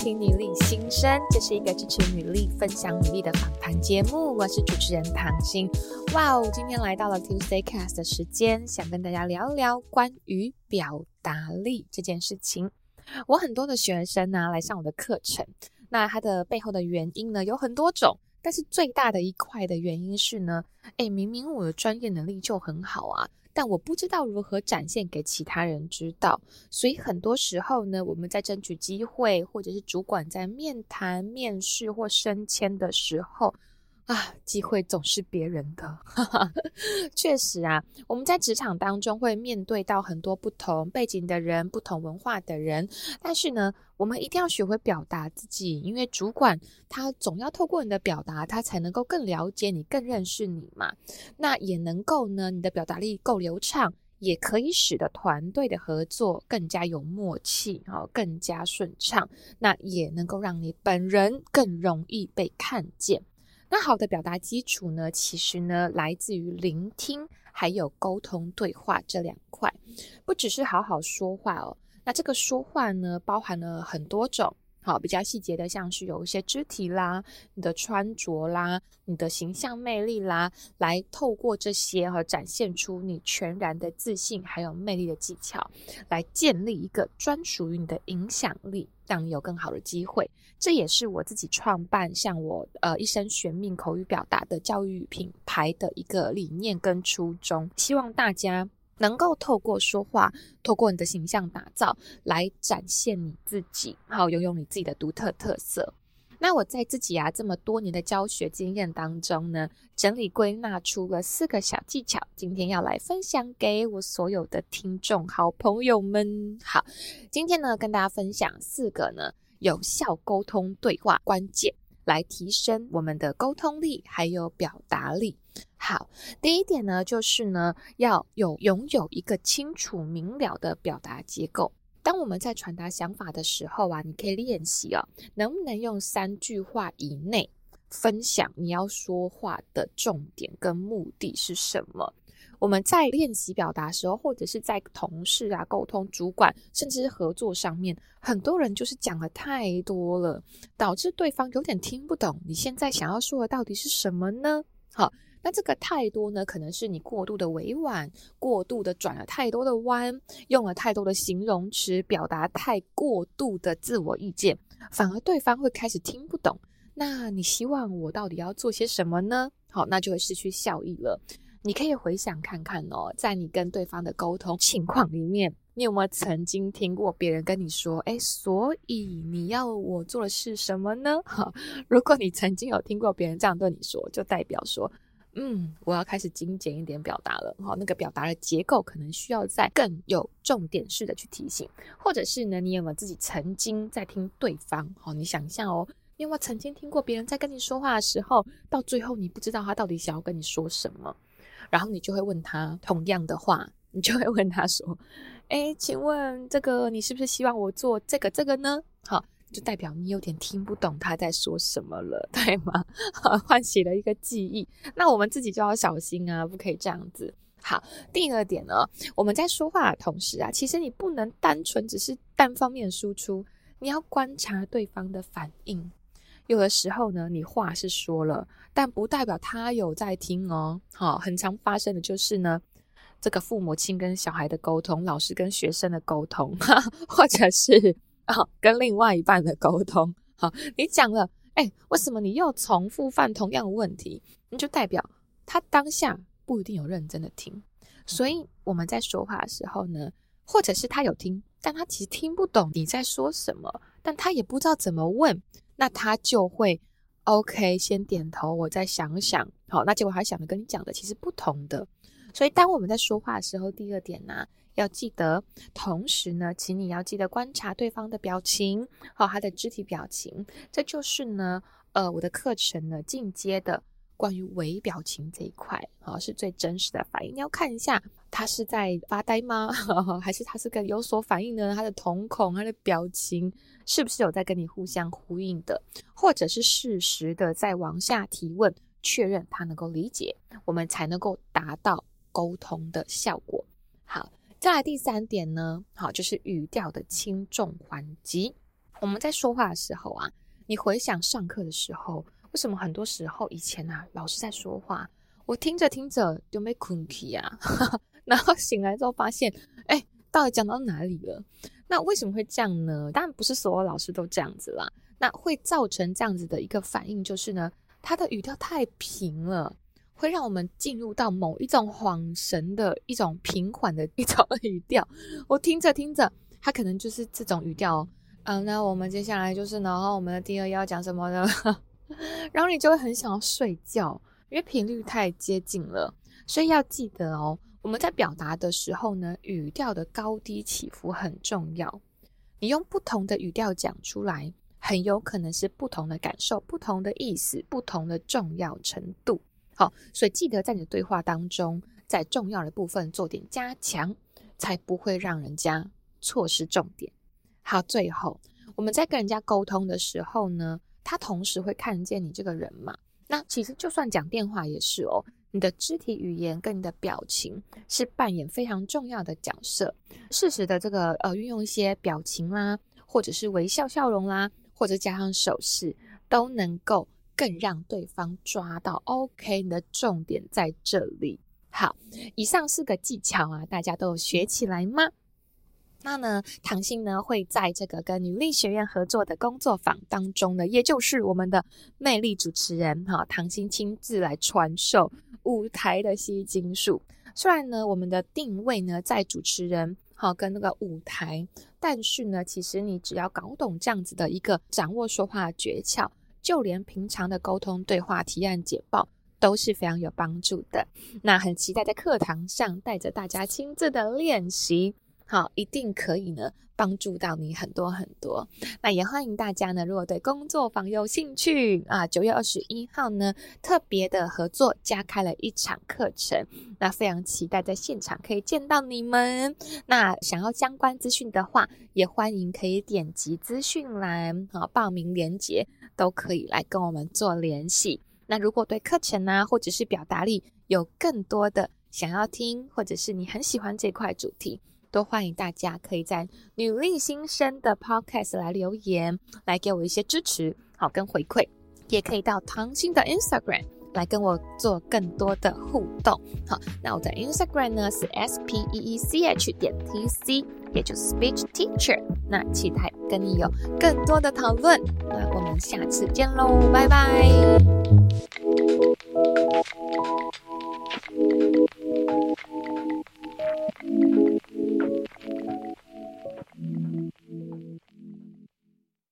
聽女力心聲，這是一個支持女力、分享女力的訪談節目。我是主持人唐芯。哇哦，今天來到了 Tuesday Cast 的時間，想跟大家聊聊關於表達力這件事情。我很多的學生呢、啊、來上我的課程，那他的背後的原因呢有很多種，但是最大的一塊的原因是呢，誒，明明我的專業能力就很好啊。但我不知道如何展現給其他人知道，所以很多時候呢，我們在爭取機會，或者是主管在面談、面試或升遷的時候。啊，機會總是別人的。 確實啊，我們在職場當中會面對到很多不同背景的人，不同文化的人，但是呢，我們一定要學會表達自己，因為主管他總要透過你的表達，他才能夠更了解你、更認識你嘛。那也能夠呢，你的表達力夠流暢，也可以使得團隊的合作更加有默契，好，更加順暢。那也能夠讓你本人更容易被看見。那好的表達基礎呢，其實呢，來自於聆聽，還有溝通對話這兩塊，不只是好好說話哦。那這個說話呢，包含了很多種。好，比較細節的，像是有一些肢體啦，你的穿着啦，你的形象魅力啦，來透過這些和展現出你全然的自信，還有魅力的技巧，來建立一個專屬於你的影響力，讓你有更好的機會。這也是我自己創辦像我呃一生懸命口語表達的教育品牌的一個理念跟初衷，希望大家。能夠透過說話，透過你的形象打造，來展現你自己，然後，擁有你自己的獨特特色。那我在自己啊這麼多年的教學經驗當中呢，整理歸納出了四個小技巧，今天要來分享給我所有的聽眾好朋友們。好，今天呢跟大家分享四個呢有效溝通對話關鍵，來提升我們的溝通力，還有表達力。好，第一點呢，就是呢，要有擁有一個清楚明了的表達結構。當我們在傳達想法的時候啊，你可以練習啊、哦，能不能用三句話以內分享你要說話的重點跟目的是什麼？我們在練習表達的時候，或者是在同事啊溝通、主管，甚至是合作上面，很多人就是講了太多了，導致對方有點聽不懂你現在想要說的到底是什麼呢？好。那這個太多呢，可能是你過度的委婉，過度的轉了太多的彎，用了太多的形容詞，表達太過度的自我意見，反而對方會開始聽不懂。那你希望我到底要做些什麼呢？好，那就會失去效益了。你可以回想看看哦，在你跟對方的溝通情況裡面，你有沒有曾經聽過別人跟你說：“誒，所以你要我做的是什麼呢？”哈，如果你曾經有聽過別人這樣對你說，就代表說，嗯，我要開始精簡一點表達了哈，那個表達的結構可能需要再更有重點式的去提醒，或者是呢，你有沒有自己曾經在聽對方哈？你想一下哦，因為曾經聽過別人在跟你說話的時候，到最後你不知道他到底想要跟你說什麼，然後你就會問他同樣的話，你就會問他說：“誒、欸，請問這個你是不是希望我做這個這個呢？”好。就代表你有點聽不懂他在說什麼了，對嗎？ 喚起了一個記憶。那我們自己就要小心啊，不可以這樣子。好，第二點呢，哦，我們在說話的同時啊，其實你不能單純只是單方面輸出，你要觀察對方的反應。有的時候呢，你話是說了，但不代表他有在聽哦。好，很常發生的就是呢，這個父母親跟小孩的溝通，老師跟學生的溝通，或者是，跟另外一半的溝通，好，你講了，哎、欸，為什麼你又重複犯同樣的問題？那就代表他當下不一定有認真的聽，所以我們在說話的時候呢，或者是他有聽，但他其實聽不懂你在說什麼，但他也不知道怎麼問，那他就會 OK 先點頭，我再想想，好，那結果他想的跟你講的其實不同的。所以，當我們在說話的時候，第二點呢、啊，要記得，同時呢，請你要記得觀察對方的表情，哦，他的肢體表情，這就是呢，呃，我的課程呢進階的關於微表情這一塊，啊、哦，是最真實的反應。你要看一下，他是在發呆嗎？哦、還是他是個有所反應呢？他的瞳孔，他的表情，是不是有在跟你互相呼應的？或者是適時的再往下提問，確認他能夠理解，我們才能夠達到溝通的效果。好，再來第三點呢，好，就是語調的輕重緩急。我們在說話的時候啊，你回想上課的時候，為什麼很多時候以前啊老師在說話，我聽着聽着就沒困意啊， 然後醒來之後發現，哎、欸，到底講到哪裡了？那為什麼會這樣呢？當然不是所有老師都這樣子啦，那會造成這樣子的一個反應就是呢，他的語調太平了。會讓我們進入到某一種恍神的一種平緩的一種語調，我聽着聽着，它可能就是這種語調哦。嗯，uh，那我們接下來就是，然後我們的第二要講什麼的， 然後你就會很想要睡覺，因為頻率太接近了。所以要記得哦，我們在表達的時候呢，語調的高低起伏很重要。你用不同的語調講出來，很有可能是不同的感受、不同的意思、不同的重要程度。好，所以記得在你的對話當中，在重要的部分做點加強，才不會讓人家錯失重點。好，最後我們在跟人家溝通的時候呢，他同時會看見你這個人嘛。那其實就算講電話也是哦，你的肢體語言跟你的表情是扮演非常重要的角色。適時的這個呃，運用一些表情啦，或者是微笑笑容啦，或者加上手勢，都能夠。更讓對方抓到，OK，你的重點在這裡。好，以上四個技巧啊，大家都學起來嗎？那呢，唐芯呢會在這個跟女力學院合作的工作坊當中呢，也就是我們的魅力主持人哈，唐芯親自來傳授舞台的吸睛術。雖然呢，我們的定位呢在主持人，哈，跟那個舞台，但是呢，其實你只要搞懂這樣子的一個掌握說話的訣竅。就連平常的溝通、對話、提案、簡報，都是非常有幫助的。那很期待在課堂上帶着大家親自的練習。好，一定可以呢，幫助到你很多很多。那也歡迎大家呢，如果對工作坊有興趣啊，九月二十一號呢，特別的合作加開了一場課程，那非常期待在現場可以見到你們。那想要相關資訊的話，也歡迎可以點擊資訊欄，好，報名連結都可以來跟我們做聯繫。那如果對課程啊，或者是表達力有更多的想要聽，或者是你很喜歡這塊主題，都歡迎大家可以在《女力新生》的 Podcast 來留言，來給我一些支持，好跟回饋，也可以到唐芯的 Instagram 來跟我做更多的互動，好。那我的 Instagram 呢是 speech 點 tc，也就是 Speech Teacher。那期待跟你有更多的討論，那我們下次見嘍，拜拜。